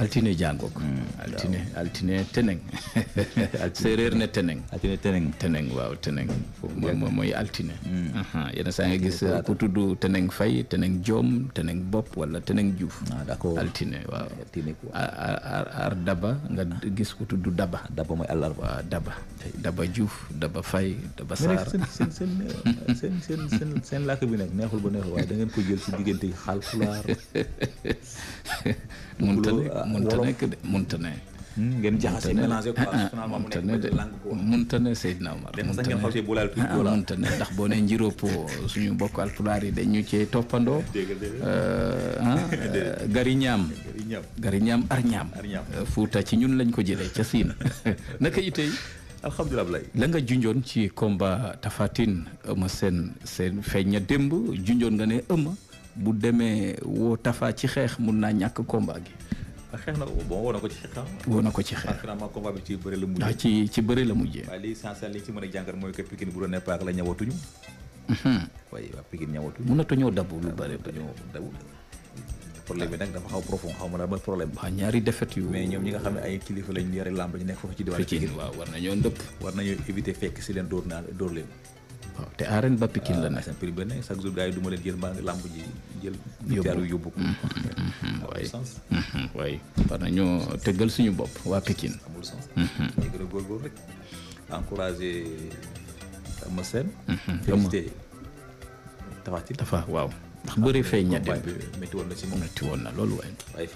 altine jàngook hmm, altine altine teneng ne teneng altine teneng teneng waaw teneng mooy altine hmm. yenn saa nga gis ku tudd teneng fay teneng joom teneng bopp wala teneng juuf ah, altine waaw ar daba nga gis ku daba daba mooy àllarba waaw daba daba juuf daba fay daba saar seen seen seen seen seen seen bi nag neexul ba neexul waaye da ngeen ko jël si diggante xaal pulaar mënta nekk de mënta ne. Hmm, ngeen jaxase mélangé quoi finalement ah, ah, mu nekk benn langue quoi mënta ne Seydina Omar. mënta ne ah, ne ndax boo nee njiróopo suñu mbokk alpulaar yi ñu cee toppandoo. Euh, ah gari ñaam. gari ñaam ar ñaam. Euh, Fuuta ci ñun lañ ko jëlee ca Siin naka itey. alhamdulilah la nga junjoon ci komba Tafatine Eumeu Sène seen feeñ na démb junjoon nga ne Eumeu bu demee woo Tafa ci xeex mun naa ñàkk combat gi. xeex na ko bon woo ko ci xeex na ko ci xeex finalement combat bi ci bëri la mujjee. ndax ci ci bëri la mujjee. waaye a jàngat mooy bu doon ne paak la ñawatuñu. Mhm. waaye waa Pikine ñawatuñu. mënatuñoo dabu lu bëri bëri dabu problème bi nag dafa xaw profond xaw ma daal mooy problème bi. ñaari défaite yu. mais ñoom ñi nga xam ne ay kilifa lañ yore làmb ñu nekk foofu ci diwaan. Pikine waaw war nañoo ndëpp. war nañoo éviter fekk si leen dóor naa dóor leen. waaw te arène ba Pikine la ah, ne. seen prix benn chaque jour gars yi du ma leen jël maa ngi làmb ji jël. yóbbu yóbbu waaye mm-hmm, mm-hmm, waaye mm-hmm, war nañoo tëggal suñu bopp waa amul sens. ñu encouragé ma seen. félicité Tapha waaw. ndax bëri fay ña dem métti woon si moom métti woon na loolu waaye.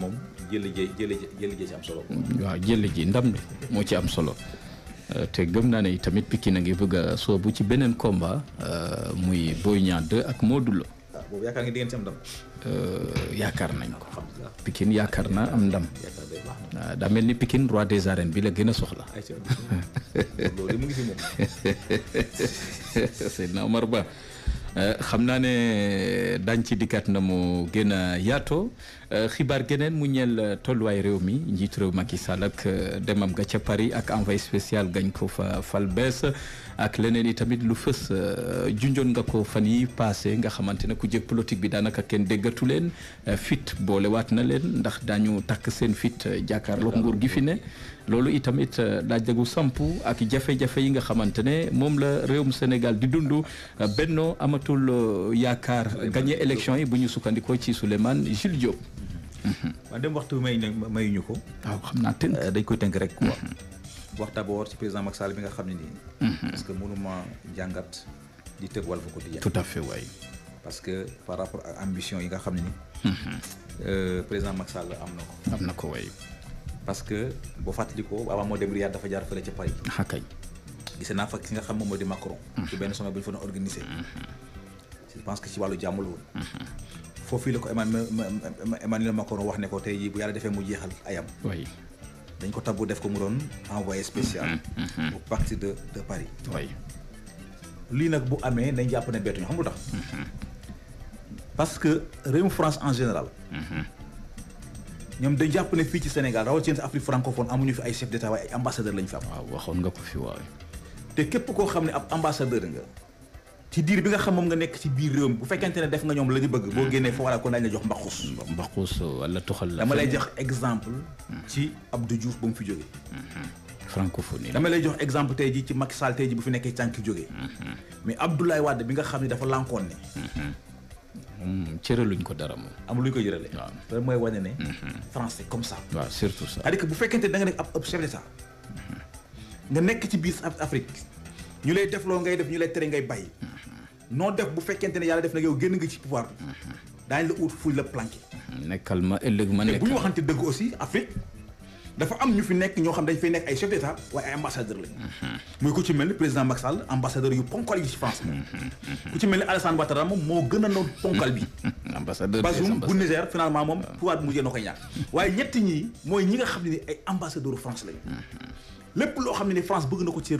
moom jëli ji jëli ji jëli am solo. waaw jëli ndam bi moo ci am solo. Euh, te gëm naa ne tamit Pikine a ngi bëgg a soobu ci beneen combat euh, muy Boy Niang ak Modou Lo. waaw ah, boobu yaakaar nga di euh, yaakaar nañ ko. Pikine yaakaar na am ndam. waaw ah, daa mel ni Pikine roi des arènes bi la gën a soxla. loolu mu ngi fi moom. Ba. Euh, xam naa ne euh, daañ ci dikkaat na mu gën yaato euh, xibaar geneen mu ñeel tolluwaay réew mi njiit réew Macky Sall ak demam ga ca Paris ak envoyé spécial gañ ko fa fal bees ak leneen i tamit lu fës junjoon nga ko fan yi passé nga xamante ne ku jëkk politique bi daanaka kenn déggatu leen fit boolewaat na leen ndax daañu takk seen fit jàkkaarloog nguur gi fi ne loolu itamit laaj dagu samp ak jafe-jafe yi nga xamante ne moom la réewum Sénégal di dund bennoo amat amatul euh, yaakaar gagné élection yi bu ñu sukkandikoo ci Souleymane Jules Diop. waaw dem waxtu may mayuñu ko. xam naa tënk euh, dañ koy tënk rek mhm. wax d'abord ci président Macky bi nga xam ne nii. Mhm. parce que mënuma jàngat di tëg Walf Quotidien. tout à fait parce que par rapport ak ambition yi nga xam ne nii. Mhm. Euh, président Macky Sall am na ko. am na ko waay. que boo fàttalikoo avant moo dem Riyad dafa jaar fële ca Paris. xakay gis naa fa ki nga xam moom moo di Macron. ci benn sommet bu ñu fa doon organisé. parce que ci wàllu jàmm la woon. foofu la ko Emmanuel Macron wax ne ko tey bu yàlla defee mu jeexal ayam. dañ ko tabbu def ko mu doon envoyé spécial. Mm-hmm, mm-hmm. parti de de Paris. lii nag bu amee nañ jàpp ne bettuñu xam lu tax. Mm-hmm. parce que réewum France en général. ñoom dañ jàpp ne fii ci Sénégal rawatina ci Afrique francophone amuñu fi ay chef d' état ambassadeur lañ fi am. waaw waxoon nga ko fi waaye. te képp koo xam ne ab ambassadeur nga. ci diir bi nga xam moom nga nekk ci biir réew mi bu fekkente ne def nga ñoom la ñu bëgg boo hmm. génnee foo wala kon daañu la jox mbaxus mbaxus wala tuxal la lay jox exemple ci Abdou Diouf ba mu fi jógee hmm. francophonie dama lay jox exemple tey ji ci Macky Sall tey ji bu fi nekkee cànki jógee hmm. mais Abdoulaye Wade bi nga xam ne dafa lankoon ne luñ ko dara moom am luñ ko jërale waaw loolu mooy wane ne français comme ça waaw surtout ça bu fekkente da nga nekk ab chef d'état nga nekk ci biir Afrique ñu lay def loo def ñu lay tere ngay bàyyi noo def bu fekkente ne yàlla def na yow génn nga ci pouvoir bi daañu la ut fuñ la planqué. Mm-hmm. nekkal ma ëllëg ma nekkal bu ñu waxante dëgg aussi Afrique dafa am ñu fi nekk ñoo xam dañ fay nekk ay chef d' état waaye ay ambassadeur lañ. Mm-hmm. muy ku ci mel ni président Macky Sall ambassadeur yu ponkal yi ci France mm-hmm. ku ci mel ni Alassane Ouattara moom moo gën a noon ponkal bi. ambassadeur Bazoum bu Niger finalement moom ah. pouvoir bi mujjee noo koy ñaar. waaye ñett ñi mooy ñi nga xam ne ni ay ambassadeur France lañu. lépp loo xam ne ni France bëgg na ko ci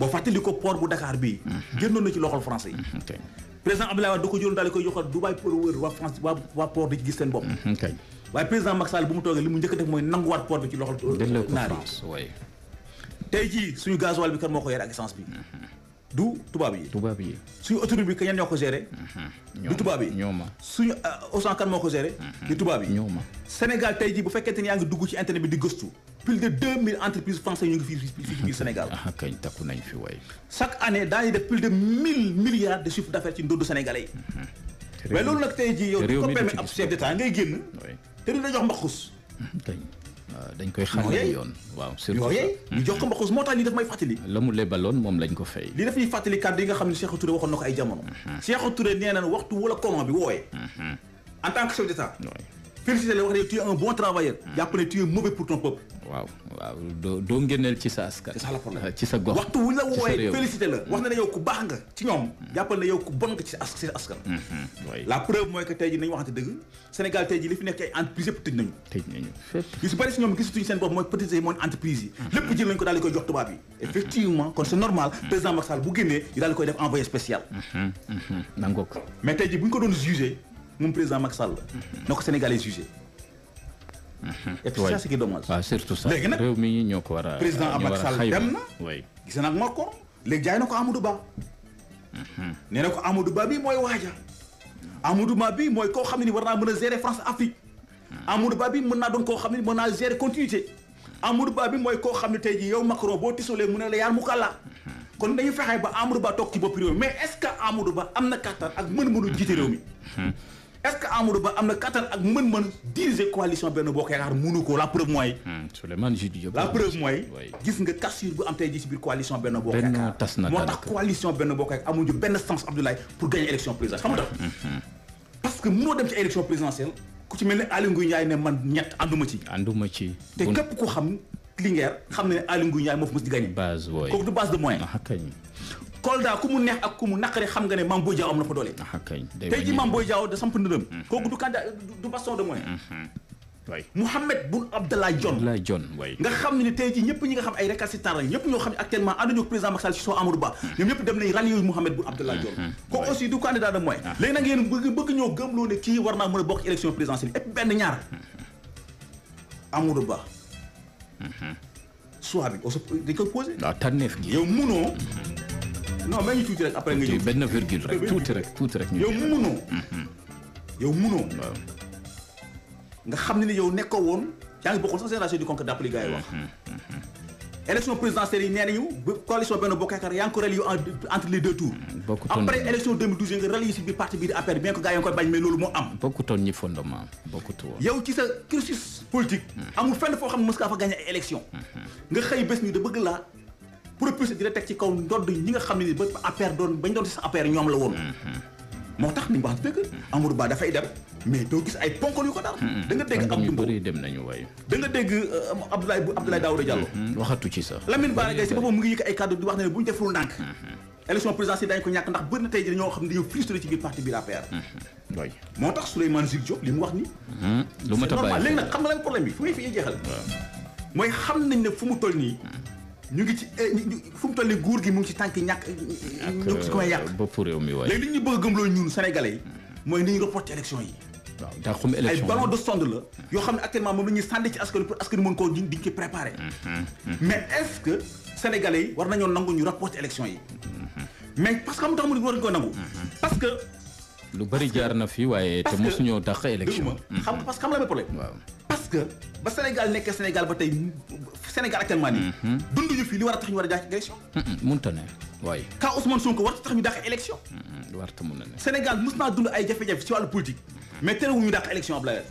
boo fàttali ko port bu dakaar bii. Mhm. génnoon na ci loxol français yi. Mhm, président Abdoulaye Wade du ko jëloon daal di koy joxal Dubaï pour wër waa France waa waa di gis seen bopp. Mhm, waaye président Macky Sall bu mu toogee li mu njëkk def mooy nanguwaat port bi ci loxol. Euh, naar yi tey jii suñu gasoil bi kan moo ko yore ak essence bi. du tubaab yi. tubaab yi suñu autoroute bi ñan ñoo ko géré. du tubaab yi ñoo ma suñu Auchan kan moo ko géré. du tubaab yi ñoo ma. Sénégal tey ji bu fekkente ni yaa ngi dugg ci internet bi di gëstu. plus de 2000 entreprises françaises ñu ngi fii fii fii Sénégal. Ah, kañ takku nañ fi waay. chaque année daañu def plus de 1000 milliards de chiffre d'affaires ci ndoddu Sénégalais yi. mais loolu nag tey jii yow. réew mi du ko permet ab chef d'état ngay génn. te du la jox mbaxus. Euh, dañ koy xàññee yoon waaw surtout ñu jox ko mboxus moo tax lii daf may fàttali la mu lebaloon moom lañ ko fay lii daf ñuy fàttali kàddu yi nga xam ne Cheikh Touré waxoon na ko ay jamono mhm. Cheikh Touré nee na waxtu wala comment bi wooyee mhm. en tant que chef d'état félicité la wax na yow ku baax nga ci ñoom. Mm-hmm. jàppal ne yow ku bon nga ci sa askan. Mm-hmm. la preuve mooy que tey jii nañu waxante dëgg Sénégal tey jii li nekk ay entreprise yëpp tëj nañu. tëj nañu fépp. si bëri si ñoom gisatuñu seen bopp mooy petites et moyennes entreprises yi. Mm-hmm. lépp jël nañu ko daal koy jox tubaab yi. effectivement kon c'est normal président Macky Sall bu génnee ñu daal koy def envoyé spécial. nangoo ko mais tey jii bu ñu ko doon jugé moom président Macky Sall. na ko Sénégalais jugé. Mhm. et puis ça c'est dommage. surtout ça léegi nag réew mi ñëw ko war a président Macky Sall dem na. gis naa Mor Koro léegi jaay na ko Amadou Ba. Mhm. nee na ko Amadou Ba bi mooy waaja. Amadou Ba bi mooy koo xam ne war naa mën a gérer France Afrique. Mhm. Amadou Ba bi mën naa doon koo xam ne mën naa gérer bi mooy koo xam ne tey jii yow Macron boo tisolee mu ne la yaar mu kàlla. kon dañu fexe ba Amadou Ba toog ki bopp réew mi mais est-ce que Amadou Ba am na kattan ak mën-mënu jiite réew mi. est-ce que Amadou Ba am na kattan ak mën-mën diriger coalition benn bokk yaakaar mënu ko la preuve mooy. Hmm, la preuve mooy. gis nga cassure bu am tey jii ci biir coalition benn bokk yaakaar. tas na moo tax coalition benn bokk yaakaar amuñu benn sens Abdoulaye pour gagner élection présidentielle xam hmm, hmm. parce que mënoo dem ci élection présidentielle ku ci mel ne Aliou Ngouille Ndiaye ne man ñett ànduma ci. te képp ko xam Linguère xam ne Aliou Ngouille moo fi mës di gagné. base Kolda ku mu neex ak ku mu naqari xam nga ne Mame Boye am na fa doole. Ah, tey jii Mame Boye Diao da samp ndëndëm. Mm-hmm. kooku du candidat du baston de moyen. Mm-hmm. waay Mouhamed Boun Abdallah Dionne. nga xam ne tey jii ñëpp ñi nga xam ay récalcitrants lañ ñëpp ñoo xam ne actuellement ànduñu ak président Macky Sall ci soo Amadou Ba. Mm-hmm. ñoom ñëpp dem nañ ràññee Mouhamed Boun Abdallah Dionne. kooku aussi du candidat de moyen. Ah. léegi nag yéen bëgg bëgg ñoo gëmloo ne kii war naa mën a bokk élection présidentielle et benn ñaar Amadou Ba. soit non mais ñu tuuti rek après nga ñëw. benn virgule rek tuuti rek tuuti rek. Mhm. yow munoo. yow munoo. nga xam ni ni yow nekkoo woon yaa ngi bokkoon sax génération du conque d'appli gars yi wax. Mhm, mhm. élection présidentielle yi nee nañu ba coalition yaa ngi ko relié entre les deux tours. bokkutoon après élection 2012 yi nga relié si biir parti biir affaire bi bien que gars yi nga koy bañ mais loolu moo am. bokkutoon ñi fondement bokkutu woon. yow ci sa cursus politique. amul fenn foo xam ne mës nga fa gagné ay nga xëy bés ñu da bëgg laa. propulsé di la teg ci kaw ndodd ñi nga xam ne ni ba affaire doon bañ doon sa affaire ñoom la woon mm-hmm. moo tax ni mu wax dëgg mm-hmm. Amadou Ba dafay waxatu ci sax Lamine Bara Gaye si boppam mu ngi yëkk ay kàddu di wax ne bu ñu deful ndànk mm-hmm. élection présidentielle dañ ko ñàkk ndax bëri na tey ji ñoo xam ne dañoo frustré ci biir parti biir APR moo tax Souleymane Jules Diop li mu wax ni lu ma léegi nag xam nga lan problème bi fu ngay fi jeexal mooy xam nañ ne fu mu toll nii ñu ngi ci eh, fu mu toll nii gi mu ngi ci tànk ñàkk. Eh, eh, ñu ngi ci koy yàq bopp réew mi waay léegi li ñu bëgg a gëmloo ñun sénégalais yi. mooy ni ñu reporté élection yi. waaw daa xam élection la. yoo xam ne actuellement moom la ñuy sànni ci askan pour askan mën koo di di ci préparé. Mm-hmm, mm-hmm. mais est-ce yi war nañoo nangu ñu reporté élection yi. Mm-hmm. mais parce que xam nga tax mu war ko nangu. parce que. lu bari jaar na fii waaye te mosuñoo dàq élection. parce que xam nga parce que xam la problème. que ba Sénégal nekkee Sénégal ba tey Sénégal actuellement nii. Mhm. dunduñu fi li war a tax ñu war a daax élection. Mhm, mënut a ne waaye. Sonko war a tax ñu daax élection. Mhm, Sénégal mës naa ay jafe-jafe ci wàllu politique. mais terewul ñu dàq élection Abdoulaye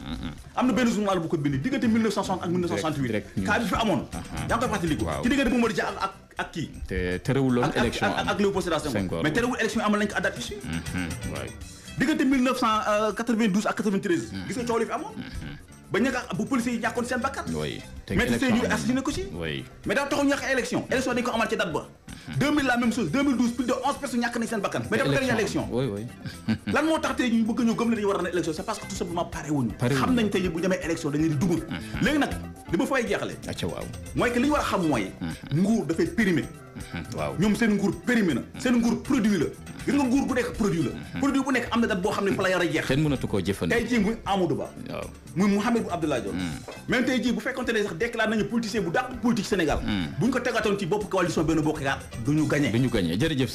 am na benn journal bu ko bind diggante 1960 ak 1968 kaa bi fi amoon yaa ngi koy fàttaliku diggante Mamadou Dia ak ak kii te ak Léopold Sédar Senghor mais terewul euh, fi amoon ba ñu bu policiers yi ñàkkoon seen bakkan. oui te élection ñàkk élection. élection dañu ko amal ci date ba. Mhm. lan moo tax tey ñu bëgg ñu gëm ne war a ne élection c'est parce que tout simplement pare wuñu. pare wuñu xam nañ tey bu ñu demee élection dañu mhm. léegi nag li ma fay jeexale. acca mooy que li war a xam mooy. Mhm. nguur dafay périmer. waaw ñoom seen nguur périmer na. seen nguur produit la. gis nga nguur bu nekk produit la. Mhm. produit bu nekk am na date boo xam ne fa la yara jeex. kenn mënatu koo jëfandikoo tey jii muy Amadou Ba. muy Mouhamed bu Abdoulaye Diop. Mhm. même tey jii bu fekkonte ne sax déclaré nañu politicien Sénégal. Mhm. bu ñu ko tegatoon ci bopp coalition benn bokk yaakaar du ñu gagné. du ñu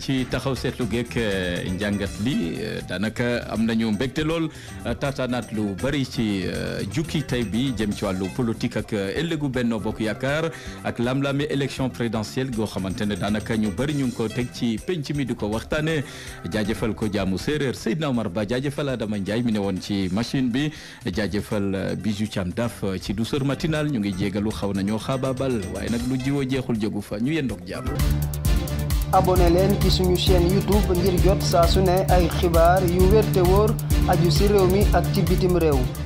ci taxaw seetlu geeg euh, njàngat li euh, daanaka am nañu mbégte lool euh, taataanaat lu bari ci jukki tey bi jëm ci wàllu politique ak ëllëgu Benno Bokk Yaakaar ak lam-lami élection présidentielle goo xamante ne daanaka ñu bëri ñu ngi ko teg ci penc mi di ko waxtaane jaajëfal ko jaamu séeréer Seydina Omar Ba jaajëfal Adama Ndiaye mi ne woon ci machine bi jaajëfal Bijou Thiam Daf ci douceur matinale ñu ngi jégalu xaw nañoo xaabaabal waaye nag lu jiwoo jeexul jegu fa ñu yendoog jàmm abonné leen ci suñu chaîne youtube ngir jot saa su ne ay xibaar yu wér te wóor aju si réew mi ak ci bitim réew